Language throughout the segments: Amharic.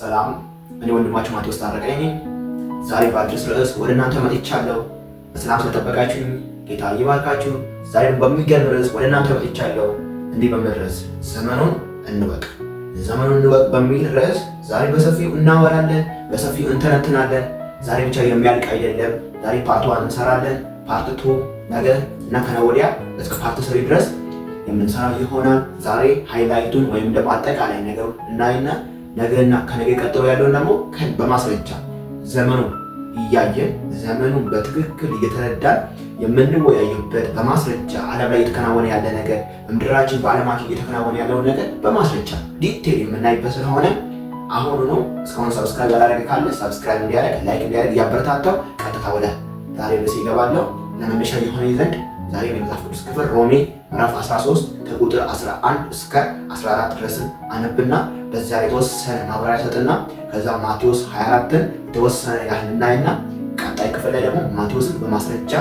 ሰላም፣ እኔ ወንድማችሁ ማቴዎስ ታረቀኝ ዛሬ በአዲስ ርዕስ ወደ እናንተ መጥቻለሁ። በሰላም ስለጠበቃችሁኝ ጌታ ይባርካችሁ። ዛሬ በሚገርም ርዕስ ወደ እናንተ መጥቻለሁ። እንዲህ በሚል ርዕስ ዘመኑን እንወቅ፣ ዘመኑን እንወቅ በሚል ርዕስ ዛሬ በሰፊው እናወራለን፣ በሰፊው እንተነትናለን። ዛሬ ብቻ የሚያልቅ አይደለም። ዛሬ ፓርት ዋን እንሰራለን። ፓርት ቱ ነገ እና ከነወዲያ እስከ ፓርት ስሪ ድረስ የምንሰራ ይሆናል። ዛሬ ሃይላይቱን ወይም ደግሞ አጠቃላይ ነገሩ እናይና ነገና ከነገ ቀጥሎ ያለውን ደግሞ በማስረጃ ዘመኑ እያየን ዘመኑን በትክክል እየተረዳን የምንወያየበት በማስረጃ ዓለም ላይ እየተከናወነ ያለ ነገር በምድራችን በዓለማችን እየተከናወነ ያለውን ነገር በማስረጃ ዲቴል የምናይበት ስለሆነ አሁኑ ነው። እስካሁን ሰብስክራይብ ያላደረገ ካለ ሰብስክራይብ እንዲያደርግ፣ ላይክ እንዲያደርግ እያበረታታው ቀጥታ ወደ ዛሬ ርዕስ ይገባለሁ። ለመነሻ የሆነ ዘንድ ዛሬ የመጽሐፍ ቅዱስ ክፍል ሮሜ ምዕራፍ 13 ከቁጥር 11 እስከ 14 ድረስ አነብና በዚያ የተወሰነ ማብራሪያ ሰጥና ከዛ ማቴዎስ 24ን የተወሰነ ያህል እናይና ቀጣይ ክፍል ላይ ደግሞ ማቴዎስን በማስረጃ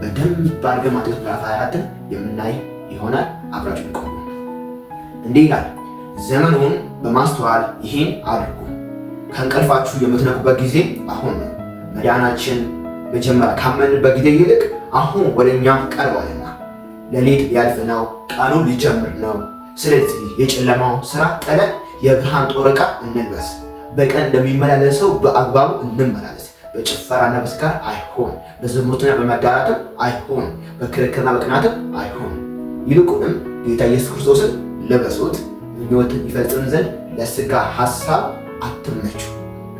በደንብ አድርገን ማቴዎስ ምዕራፍ 24ን የምናይ ይሆናል። አብራችሁ ቆዩ። እንዲህ ይላል፣ ዘመኑን በማስተዋል ይህን አድርጉ፣ ከእንቅልፋችሁ የምትነቁበት ጊዜ አሁን ነው። መዳናችን መጀመሪያ ካመንበት ጊዜ ይልቅ አሁን ወደ እኛ ቀርቧል። ሌሊት ሊያልፍ ነው፣ ቀኑ ሊጀምር ነው። ስለዚህ የጨለማው ስራ ጥለን የብርሃን ጦርቃ እንልበስ። በቀን እንደሚመላለሰው በአግባቡ እንመላለስ። በጭፈራና በስካር አይሆን፣ በዝሙትና በመዳራትም አይሆን፣ በክርክርና በቅናትም አይሆን። ይልቁንም ጌታ ኢየሱስ ክርስቶስን ልበሱት፣ ምኞትን ይፈጽም ዘንድ ለስጋ ሐሳብ አትመቹ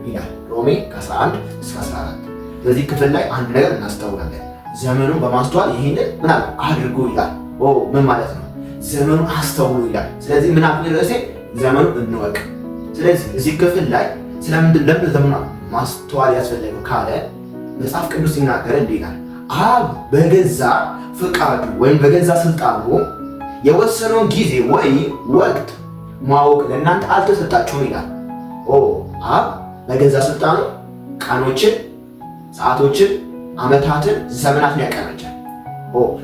ይላል ሮሜ 11 እስከ 14። በዚህ ክፍል ላይ አንድ ነገር እናስተውላለን። ዘመኑን በማስተዋል ይህንን ምናል አድርጎ ይላል። ምን ማለት ነው? ዘመኑን አስተውሉ ይላል። ስለዚህ ምን አክል ርዕሴ ዘመኑን እንወቅ። ስለዚህ እዚህ ክፍል ላይ ስለምንድን ለምን ዘመኑ ማስተዋል ያስፈለገው ካለ መጽሐፍ ቅዱስ ሲናገር እንዲህ ይላል። አብ በገዛ ፍቃዱ ወይም በገዛ ስልጣኑ የወሰነውን ጊዜ ወይም ወቅት ማወቅ ለእናንተ አልተሰጣችሁም ይላል። አብ በገዛ ስልጣኑ ቀኖችን፣ ሰዓቶችን ዓመታትን ዘመናትን ያቀናጃል።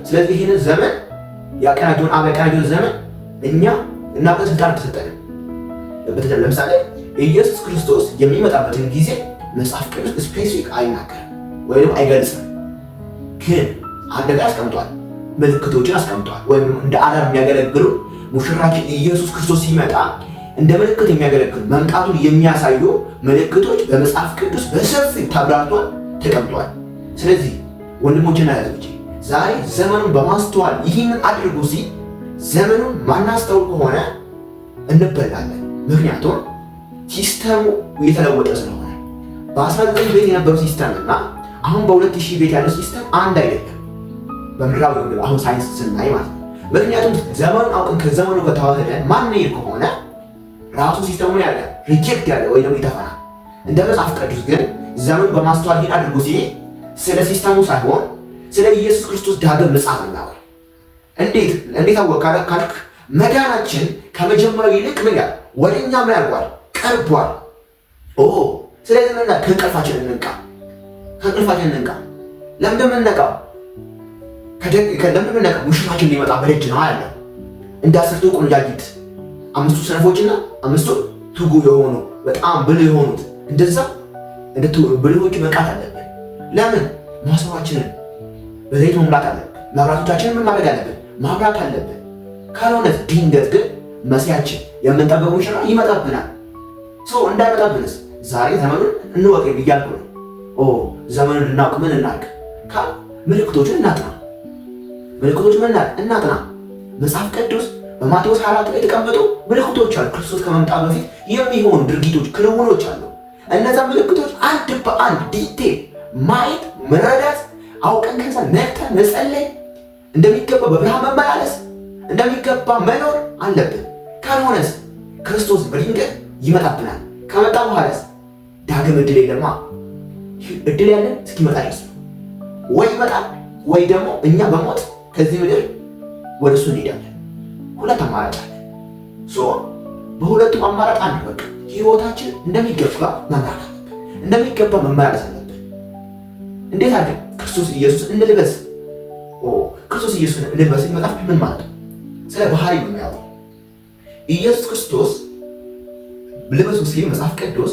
ስለዚህ ይህንን ዘመን ያቀናጀውን አብ ያቀናጀውን ዘመን እኛ እናውቀን ስልጣን ተሰጠን። ለምሳሌ ኢየሱስ ክርስቶስ የሚመጣበትን ጊዜ መጽሐፍ ቅዱስ ስፔሲፊክ አይናገርም ወይም አይገልጽም። ግን አደጋ አስቀምጧል፣ ምልክቶችን አስቀምጧል። ወይም እንደ አዳም የሚያገለግሉ ሙሽራችን ኢየሱስ ክርስቶስ ሲመጣ እንደ ምልክት የሚያገለግሉ መምጣቱን የሚያሳዩ ምልክቶች በመጽሐፍ ቅዱስ በሰፊ ተብራርቶ ተቀምጧል። ስለዚህ ወንድሞችና እህቶቼ ዛሬ ዘመኑን በማስተዋል ይህንን አድርጉ ሲል ዘመኑን ማናስተውል ከሆነ እንበላለን። ምክንያቱም ሲስተሙ የተለወጠ ስለሆነ በ19 ቤት የነበረው ሲስተም እና አሁን በ2000 ቤት ያለው ሲስተም አንድ አይደለም። በምድራዊ አሁን ሳይንስ ስናይ ማለት ነው። ምክንያቱም ዘመኑን አውቅን ከዘመኑ ከተዋህደን ማንሄድ ከሆነ ራሱ ሲስተሙን ያለ ሪጀክት ያለ ወይ ደግሞ ይተፈናል። እንደ መጽሐፍ ቅዱስ ግን ዘመኑ በማስተዋል ይህን አድርጉ ሲል ስለ ሲስተሙ ሳይሆን ስለ ኢየሱስ ክርስቶስ ዳግም ምጽአት እናወራ። እንዴት እንዴት አወቀ ካልክ መዳናችን ከመጀመሪያው ይልቅ ምን ያል ወደ እኛ ምን ያልጓል ቀርቧል። ኦ ስለዚህ ምንና ከእንቅልፋችን እንንቃ፣ ከእንቅልፋችን እንንቃ። ለምንድን የምንነቃው? ለምንድን የምንነቃው? ሙሽራችን ሊመጣ በደጅ ነው አለ እንደ አስርቱ ቆነጃጅት አምስቱ ሰነፎችና አምስቱ ትጉ የሆኑ በጣም ብልህ የሆኑት እንደዛ እንደ ብልሆቹ መንቃት አለብን። ለምን ማሰባችንን በዘይት መሙላት አለብን። መብራቶቻችንን ምን ማድረግ አለብን? ማብራት አለብን። ካልሆነ ድንገት ግን መሲያችን የምንጠበቀው ሽራ ይመጣብናል። ሰው እንዳይመጣብንስ ዛሬ ዘመኑን እንወቅ እያልኩ ነው። ኦ ዘመኑን እናውቅ። ምን እናርግ? ካል ምልክቶችን እናጥና። ምልክቶች ምን እናጥና? መጽሐፍ ቅዱስ በማቴዎስ አራት ላይ የተቀመጡ ምልክቶች አሉ። ክርስቶስ ከመምጣት በፊት የሚሆኑ ድርጊቶች፣ ክንውኖች አሉ። እነዛ ምልክቶች አንድ በአንድ ዲቴል ማየት፣ መረዳት፣ አውቀን ከዛ ነቅተን መጸለይ፣ እንደሚገባ በብርሃን መመላለስ፣ እንደሚገባ መኖር አለብን። ካልሆነስ ክርስቶስ በድንገት ይመጣብናል። ከመጣ በኋላስ ዳግም እድል የለማ። እድል ያለን እስኪመጣ ድረስ ወይ ይመጣል ወይ ደግሞ እኛ በሞት ከዚህ ምድር ወደ እሱ እንሄዳለን። ሁለት አማራጭ አለ። ሶ በሁለቱም አማራጭ አንድ በቃ ህይወታችን እንደሚገባ መምራት እንደሚገባ መመላለስ እንዴት አድርግ ክርስቶስ ኢየሱስ እንልበስ ክርስቶስ ኢየሱስ እንልበስ መጽሐፍ ምን ማለት ነው? ስለ ባህሪ ነው የሚያወራው። ኢየሱስ ክርስቶስ ልበሱ ሲል መጽሐፍ ቅዱስ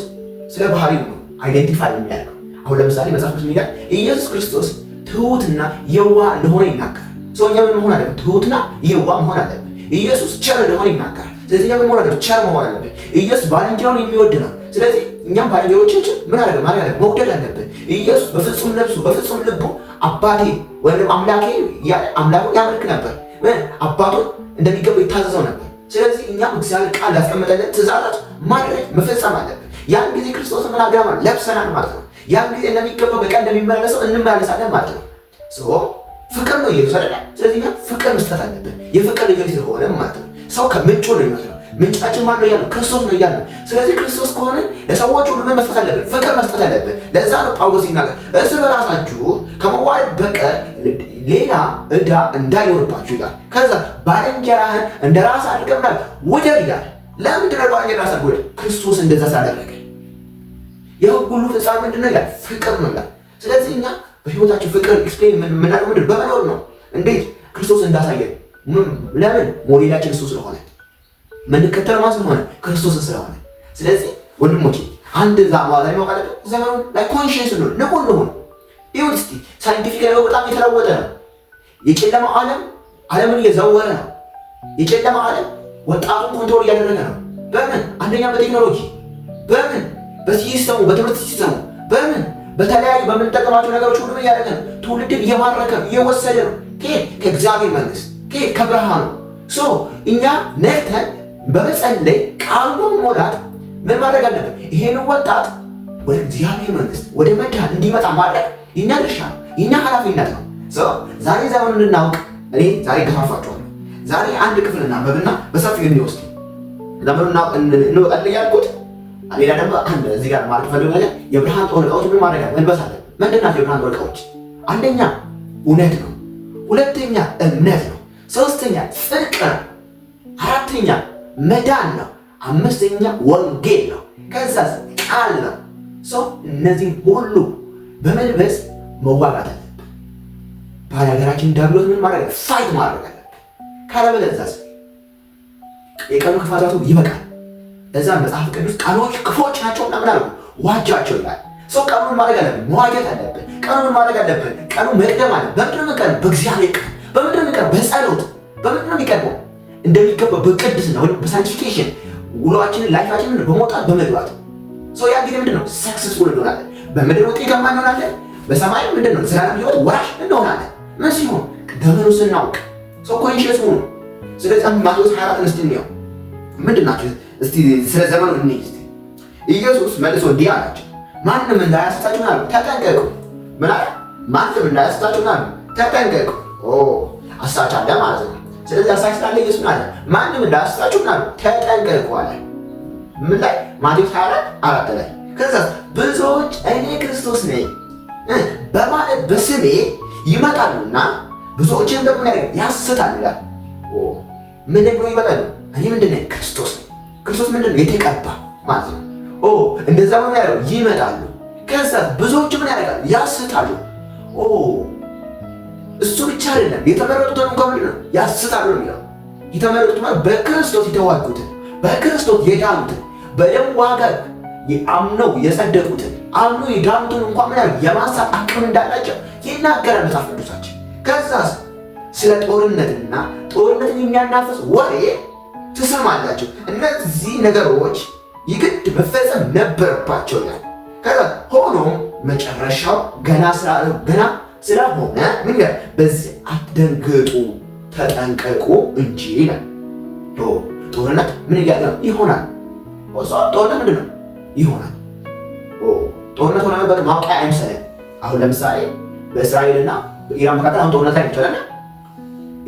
ስለ ባህሪ ነው አይደንቲፋይ የሚያደርገው። አሁን ለምሳሌ መጽሐፍ ቅዱስ የሚላል ኢየሱስ ክርስቶስ ትሁትና የዋ እንደሆነ ይናገራል። ሰውኛ ምን መሆን አለብን? ትሁትና የዋ መሆን አለብን። ኢየሱስ ቸር እንደሆነ ይናገራል። ስለዚህ ምን መሆን አለብን? ቸር መሆን አለብን። ኢየሱስ ባልንጀራውን የሚወድ ነው። ስለዚህ እኛም ባለቤቶቻችን ምን አደረገ ማለት ያለ መውደድ አለብን። ኢየሱስ በፍጹም ነፍሱ በፍጹም ልቡ አባቴ ወይም አምላኬ አምላኩ ያመልክ ነበር፣ አባቱ እንደሚገባው ይታዘዘው ነበር። ስለዚህ እኛም እግዚአብሔር ቃል ያስቀመጠለን ትእዛዛት ማድረግ መፈጸም አለብን። ያን ጊዜ ክርስቶስ ምን አድርገና ለብሰናል ማለት ነው። ያን ጊዜ እንደሚገባው በቀን እንደሚመላለሰው እንመላለሳለን ማለት ነው። ፍቅር ነው ኢየሱስ አይደለ። ስለዚህ ፍቅር መስጠት አለብን። የፍቅር ልጆች ሆነ ማለት ነው። ሰው ከምንጩ ነው ምንጫችን ማን ነው እያለ ክርስቶስ ነው እያለ። ስለዚህ ክርስቶስ ከሆነ ለሰዎች ሁሉ ምን መስጠት አለብን? ፍቅር መስጠት አለብን። ለዛ ነው ጳውሎስ ይናገር እርስ በራሳችሁ ከመዋደድ በቀር ሌላ እዳ እንዳይኖርባችሁ ይላል። ከዛ ባልንጀራህን እንደ ራስ አድርገምናል ምናምን ውደድ ይላል። ለምንድን ነው ባልንጀራ ራስ ውደድ? ክርስቶስ እንደዛ ሳደረገ የሕግ ሁሉ ፍጻሜ ምንድን ነው ይላል? ፍቅር ነው ይላል። ስለዚህ እኛ በህይወታችን ፍቅር ኤክስፕሌን የምናደርገው ምንድን በመኖር ነው። እንዴት ክርስቶስ እንዳሳየን። ለምን ሞዴላችን እሱ ስለሆነ ምንከተል ማን ስለሆነ ክርስቶስ ስለሆነ። ስለዚህ ወንድሞቼ አንድ ዛማ ላይ ማቃለ ዘመኑ ላይ ኮንሽንስ ነው ንቁ ነው። ይሁን እስቲ ሳይንቲፊክ ላይ በጣም የተለወጠ ነው። የጨለማ ዓለም ዓለምን እየዘወረ ነው። የጨለማ ዓለም ወጣቱን ኮንትሮል እያደረገ ነው። በምን አንደኛ በቴክኖሎጂ በምን በሲስተሙ በትምህርት ሲስተሙ በምን በተለያዩ በምንጠቀማቸው ነገሮች ሁሉ እያደረገ ነው። ትውልድን እየማረከ እየወሰደ ነው። ከእግዚአብሔር መንግስት ከብርሃኑ እኛ ነክተን በመጸለይ ቃሉን መውዳት ምን ማድረግ አለብን? ይሄን ወጣት ወደ እግዚአብሔር መንግስት ወደ መዳን እንዲመጣ ማድረግ የኛ ድርሻ ነው፣ የኛ ኃላፊነት ነው። ዛሬ ዛሬውን እንድናውቅ እኔ ዛሬ ገፋፋችኋለሁ። ዛሬ አንድ ክፍል እናንብብና በሰፊው እንወስድ እንወጣል ያልኩት ሌላ ደግሞ አንድ እዚህ ጋር ማለት ፈልግ ነገር የብርሃን ጦር እቃዎች ምን ማድረግ እንበሳለን። ምንድን ናቸው የብርሃን ጦር እቃዎች? አንደኛ እውነት ነው፣ ሁለተኛ እምነት ነው፣ ሶስተኛ ፍቅር፣ አራተኛ መዳን ነው። አምስተኛ ወንጌል ነው። ከዛስ ቃል ነው። ሰው እነዚህም ሁሉ በመልበስ መዋጋት አለብን። ባህል ሀገራችን ዳብሎት ምን ማድረግ ፋይት ማድረግ አለብን። ካለበለዛስ የቀኑ ክፋታቱ ይበቃል። እዛ መጽሐፍ ቅዱስ ቀኖች ክፎች ናቸው ምን አልኩ ዋጃቸው ይላል። ሰው ቀኑን ማድረግ አለብን፣ መዋጀት አለብን። ቀኑን ማድረግ አለብን። ቀኑ መቅደም አለ። በምድር ቀን? በእግዚአብሔር ቀን። በምድር ቀን? በጸሎት። በምድር ነው የሚቀድመው? እንደሚገባ በቅድስና ወይም በሳንቲፊኬሽን ውሏችንን ላይፋችንን በመውጣት በመግባት ሰው ያ ጊዜ ምንድነው ነው ሰክሰስፉል እንሆናለን። በምድር ውጤታማ እንሆናለን። በሰማይም ምንድን ነው ዘላለም ሕይወት ወራሽ እንሆናለን። ምን ሲሆን ደመኑ ስናውቅ ሰው ኮንሽስ ሆኑ። ስለዚህ አሁን ማቴዎስ 24 እስቲ እንየው ምንድን ናቸው እስቲ ስለ ዘመኑ እንይ እስቲ። ኢየሱስ መልሶ እንዲህ አላቸው፣ ማንም እንዳያስታችሁ ናሉ ተጠንቀቁ። ምን አለ? ማንም እንዳያስታችሁ ናሉ ተጠንቀቁ። አሳቻለ ማለት ነው ስለዚህ አሳክታለ ኢየሱስ አለ ማንም እንዳስታችሁ ማለት ተጠንቀቁ አለ። ምን ላይ ማቴዎስ 24 አራት ላይ ከዛ ብዙዎች እኔ ክርስቶስ ነኝ በማለት በስሜ ይመጣሉና ብዙዎች እንደምን ደግሞ ያስታል ይላል። ምን ብሎ ይመጣሉ? እኔ ምንድን ነኝ? ክርስቶስ ነኝ። ክርስቶስ ምንድን ነው? የተቀባ ማለት ነው። ኦ እንደዛ ምን ያደርጉ ይመጣሉ። ከዛ ብዙዎች ምን ያደርጋሉ? ያስታሉ። ኦ እሱ ብቻ አይደለም የተመረጡትን እንኳ ምንድን ነው ያስታሉ ነው የሚለው። የተመረጡት ማለት በክርስቶስ የተዋጉትን በክርስቶስ የዳኑትን በደም ዋጋ አምነው የጸደቁትን አምነው የዳኑትን እንኳን ምን ያህል የማንሳት አቅም እንዳላቸው ይናገራል መጽሐፍ ቅዱሳችን። ከዛስ ስለ ጦርነትና ጦርነትን የሚያናፈስ ወሬ ትሰማላቸው። እነዚህ ነገሮች ይግድ መፈጸም ነበረባቸው ይላል። ከዛ ሆኖም መጨረሻው ገና ገና ስለሆነ ምን ይላል? በዚህ አትደንግጡ ተጠንቀቁ እንጂ ይላል። ጦርነት ምን እያለ ነው? ይሆናል። ጦርነት ምንድን ነው? ይሆናል። ጦርነት ሆነ በቃ ማውቂያ አይምሰለን። አሁን ለምሳሌ በእስራኤልና በኢራን መካከል አሁን ጦርነት ላይ ይቻላል።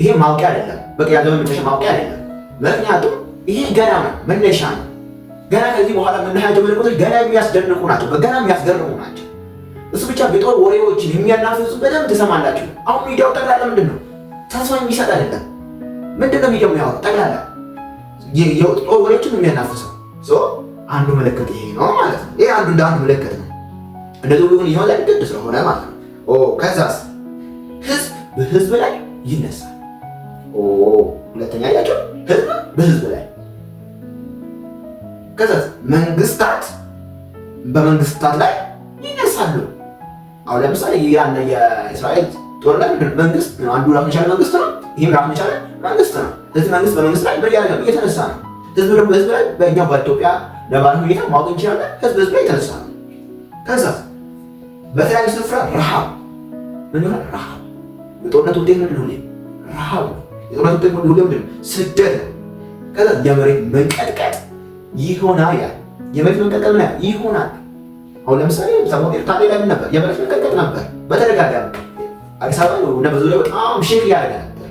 ይሄ ማውቂያ አይደለም፣ በቃ ያዘመን መጨረሻ ማውቂያ አይደለም። ምክንያቱም ይሄ ገና ነው፣ መነሻ ነው። ገና ከዚህ በኋላ የምናያቸው ምልክቶች ገና የሚያስደንቁ ናቸው፣ ገና የሚያስገርሙ ናቸው። እሱ ብቻ የጦር ወሬዎችን የሚያናፍሱ በደንብ ትሰማላችሁ። አሁን ሚዲያው ጠቅላላ ምንድን ነው ተስፋ የሚሰጥ አይደለም። ምንድን ነው ሚዲያው ያወ ጠቅላላ የጦር ወሬዎችን የሚያናፍሰው አንዱ መለከት ይሄ ነው ማለት ነው። ይሄ አንዱ እንደ አንዱ መለከት ነው። እንደዚ ሁሉ ይሆን ላይ ግድ ስለሆነ ማለት ነው። ከዛስ ህዝብ በህዝብ ላይ ይነሳል። ሁለተኛ ያቸው ህዝብ በህዝብ ላይ ከዛስ መንግስታት በመንግስታት ላይ ይነሳሉ። አሁን ለምሳሌ ያን የእስራኤል ጦርነት መንግስት ነው፣ አንዱ ራሱን የቻለ መንግስት ነው፣ ይህም ራሱን የቻለ መንግስት ነው። ስለዚህ መንግስት በመንግስት ላይ በያ ነው እየተነሳ ነው። ህዝብ ደግሞ ህዝብ ላይ በእኛ በኢትዮጵያ ነባራዊ ሁኔታ ማወቅ እንችላለን። ህዝብ ህዝብ ላይ የተነሳ ነው። ከዛ በተለያዩ ስፍራ ረሃብ ምን ይሆናል? ረሃብ የጦርነት ውጤት ምንድን ሁሌ ረሃብ የጦርነት ውጤት ሁሌ ምንድን ስደት ነው። ከዛ የመሬት መንቀጥቀጥ ይሆናል። ያ የመሬት መንቀጥቀጥ ምን ይሆናል? አሁን ለምሳሌ ሰሞኑን ኤርትራ ላይ ነበር? የመሬት መንቀጥቀጥ ነበር በተደጋጋሚ አዲስ አበባ ነው እና በጣም ሼክ ያደረገ ነበር።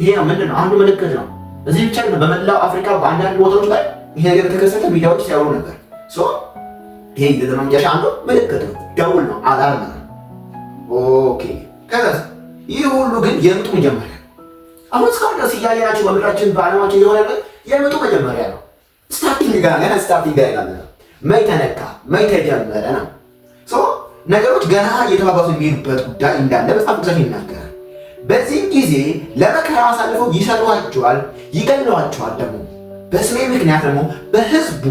ይሄ ምንድን ነው? አንዱ ምልክት ነው። እዚህ ብቻ ነው፣ በመላው አፍሪካ በአንዳንድ ቦታዎች ላይ ይሄ ነገር የተከሰተ ሚዲያዎች ሲያወሩ ነበር። ይሄ የዘመንጃሻ አንዱ ምልክት ነው፣ ደውል ነው፣ አላርም ነው። ኦኬ ከዛ ይህ ሁሉ ግን የምጡ መጀመሪያ ነው። አሁን እስካሁን ድረስ እያየናቸው በምድራችን በዓለማችን የሆነ የምጡ መጀመሪያ ነው። ስታርቲንግ ጋር ገና ስታርቲንግ ጋር ያለ ነው መይ ተነካ መይ ተጀመረ ነው። ነገሮች ገና እየተባባሱ የሚሄዱበት ጉዳይ እንዳለ መጽሐፍ ቅዱሳችን ይናገራል። በዚህም ጊዜ ለመከራ አሳልፈው ይሰጧቸዋል፣ ይገለዋቸዋል። ደግሞ በስሜ ምክንያት ደግሞ በህዝቡ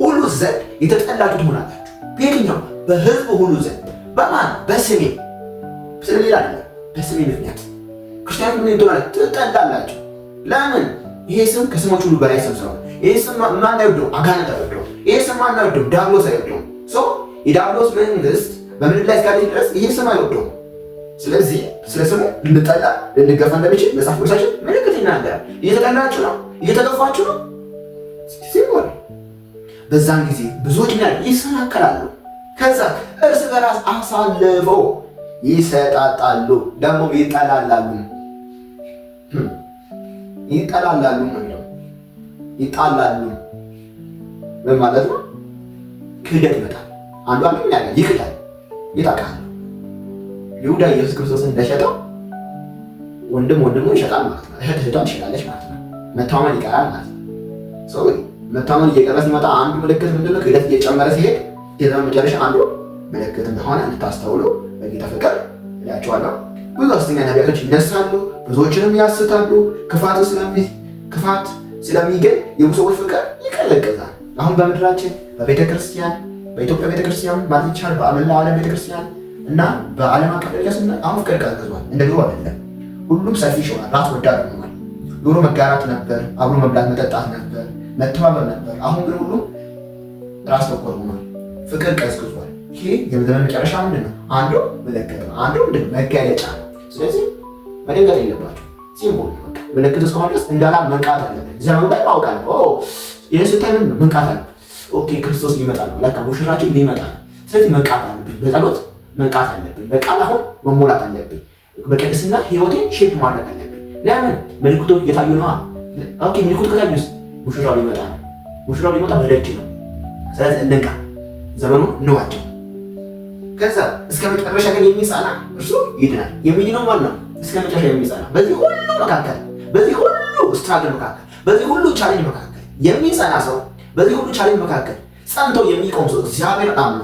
ሁሉ ዘንድ የተጠላችሁ ትሆናላችሁ። በየትኛው በህዝቡ ሁሉ ዘንድ በማን በስሜ ስለሌላ አለ በስሜ ምክንያት ክርስቲያኖች ምን ይደረ ትጠላላችሁ። ለምን? ይሄ ስም ከስሞች ሁሉ በላይ ስም ስለሆነ ይሄ ስም ማን አይወደው? አጋንንት አይወደው ይሄ ስም አናወደው፣ ዲያብሎስ አይወደውም። የዲያብሎስ መንግስት በምድር ላይ እስካለች ድረስ ይህ ስም አይወደውም። ስለዚህ ስለ ስሙ ልንጠላ ልንገፋ እንደሚችል መጽሐፍ ቅዱሳችን ምልክት ይናገራል። እየተጠላችሁ ነው፣ እየተገፋችሁ ነው ሲሆን በዛን ጊዜ ብዙዎች ይሰናከላሉ። ከዛ እርስ በራስ አሳልፈው ይሰጣጣሉ፣ ደግሞ ይጠላላሉ። ይጠላላሉ ነው ይጣላሉ ምን ማለት ነው? ክህደት ይመጣል። አንዱ አንዱ ምን ይክዳል። ይታቃል። ይሁዳ ኢየሱስ ክርስቶስን እንደሸጠው ወንድም ወንድሙ ይሸጣል ማለት ነው። እህት እህቷን ትሸጣለች ማለት ነው። መታመን ይቀራል ማለት ነው። ሰው መታመን እየቀረ ሲመጣ አንዱ ምልክት ክህደት እየጨመረ ሲሄድ መጨረሻ አንዱ ምልክት እንደሆነ እንድታስተውሉ በጌታ ፍቅር እላችኋለሁ። ብዙ ሐሰተኛ ነቢያቶች ይነሳሉ፣ ብዙዎችንም ያስታሉ። ክፋት ስለሚገኝ የብዙ ሰዎች ፍቅር አሁን በምድራችን በቤተ ክርስቲያን በኢትዮጵያ ቤተ ክርስቲያን ማለት ይቻላል በመላ ዓለም ቤተ ክርስቲያን እና በዓለም አቀፍ ደረጃ ስና አሁን ፍቅር ቀዝቅዟል። እንደ ድሮ አይደለም። ሁሉም ሰፊሽ ሆኗል። ራስ ወዳድ ሆኗል። ድሮ መጋራት ነበር፣ አብሮ መብላት መጠጣት ነበር፣ መተባበር ነበር። አሁን ግን ሁሉም ራስ ተኮር ሆኗል። ፍቅር ቀዝቅዟል። ይሄ የዘመን መጨረሻ ምንድን ነው? አንዱ ምልክት ነው፣ አንዱ ምንድን መገለጫ ነው። ስለዚህ መደንገጥ የለባቸው ሲምቦል ምልክት እስከሆነ ድረስ እንዳላ መንቃት አለብን። ዘመኑ ላይ ማወቅ ይህ ስታይ ምን መንቃት አለ። ኦኬ ክርስቶስ ሊመጣ ነው፣ ለካ ሙሽራችን ሊመጣ ነው። ስለዚህ መንቃት አለብኝ፣ በጸሎት መንቃት አለብኝ፣ በቃል አሁን መሞላት አለብኝ፣ በቅድስና ህይወቴን ሼፕ ማድረግ አለብኝ። ለምን ምልክቶ እየታዩ ነዋ። ኦኬ ምልክቱ ከታዩስ ሙሽራው ሊመጣ ነው፣ ሙሽራው ሊመጣ በደጅ ነው። ስለዚህ እንንቃ፣ ዘመኑ እንዋጀው። ከዛ እስከ መጨረሻ ግን የሚጸና እርሱ ይድናል። የሚድነው ማለት ነው እስከ መጨረሻ የሚጸና በዚህ ሁሉ መካከል፣ በዚህ ሁሉ ስትራግል መካከል፣ በዚህ ሁሉ ቻሌንጅ መካከል የሚጸና ሰው በዚህ ሁሉ ቻሌንጅ መካከል ጸንቶ የሚቆም ሰው እግዚአብሔር አምኖ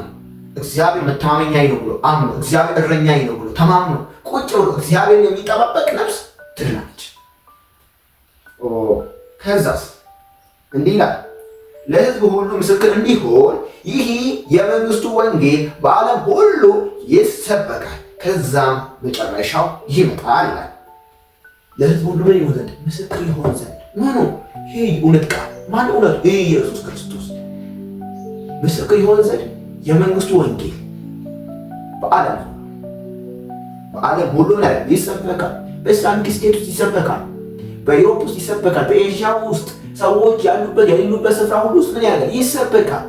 እግዚአብሔር መታመኛዬ ነው ብሎ አምኖ እግዚአብሔር እረኛዬ ነው ብሎ ተማምኖ ቁጭ ብሎ እግዚአብሔር የሚጠባበቅ ነፍስ ትድናለች። ከዛስ እንዲህ ይላል፣ ለሕዝብ ሁሉ ምስክር እንዲሆን ይህ የመንግስቱ ወንጌል በዓለም ሁሉ ይሰበካል፣ ከዛም መጨረሻው ይመጣል ይላል። ለሕዝብ ሁሉ ምን ይሆን ዘንድ ምስክር ይሆን ዘንድ ምኑ ይሄ እውነት ቃል ማን እውነት ይሄ ኢየሱስ ክርስቶስ ምስክር የሆነ ዘንድ የመንግስቱ ወንጌል በዓለም በዓለም ሁሉ ላይ ይሰበካል። በእስላሚክ ስቴት ውስጥ ይሰበካል። በኢሮፕ ውስጥ ይሰበካል። በኤዥያ ውስጥ ሰዎች ያሉበት የሌሉበት ስፍራ ሁሉ ውስጥ ምን ያደርጋል? ይሰበካል።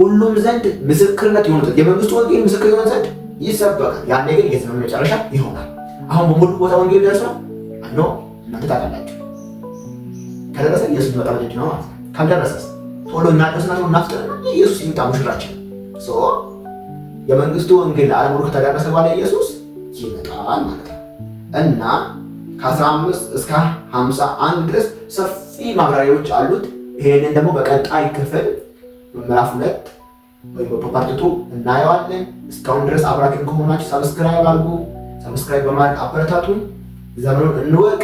ሁሉም ዘንድ ምስክርነት የሆነ ዘንድ የመንግስቱ ወንጌል ምስክር የሆነ ዘንድ ይሰበካል። ያን ነገር የዘመን መጨረሻ ይሆናል። አሁን በሙሉ ቦታ ወንጌል ደርሰው አኖ እናንተ ታውቃላችሁ። ከደረሰ ኢየሱስ ሊመጣ በደድ ነው ማለት ነው። ካልደረሰስ ቶሎ እናድረስና ነው እናፍጥርና ኢየሱስ ይምጣ ሙሽራችን። ሶ የመንግስቱ ወንጌል ለዓለም ሁሉ ከተዳረሰ በኋላ ኢየሱስ ይመጣል ማለት ነው እና ከ15 እስከ 51 ድረስ ሰፊ ማብራሪያዎች አሉት። ይሄንን ደግሞ በቀጣይ ክፍል ምዕራፍ ሁለት ወይም በፓርቲቱ እናየዋለን። እስካሁን ድረስ አብራችን ከሆናችሁ ሰብስክራይብ አድርጉ። ሰብስክራይብ በማድረግ አበረታቱን። ዘመኑን እንወቅ።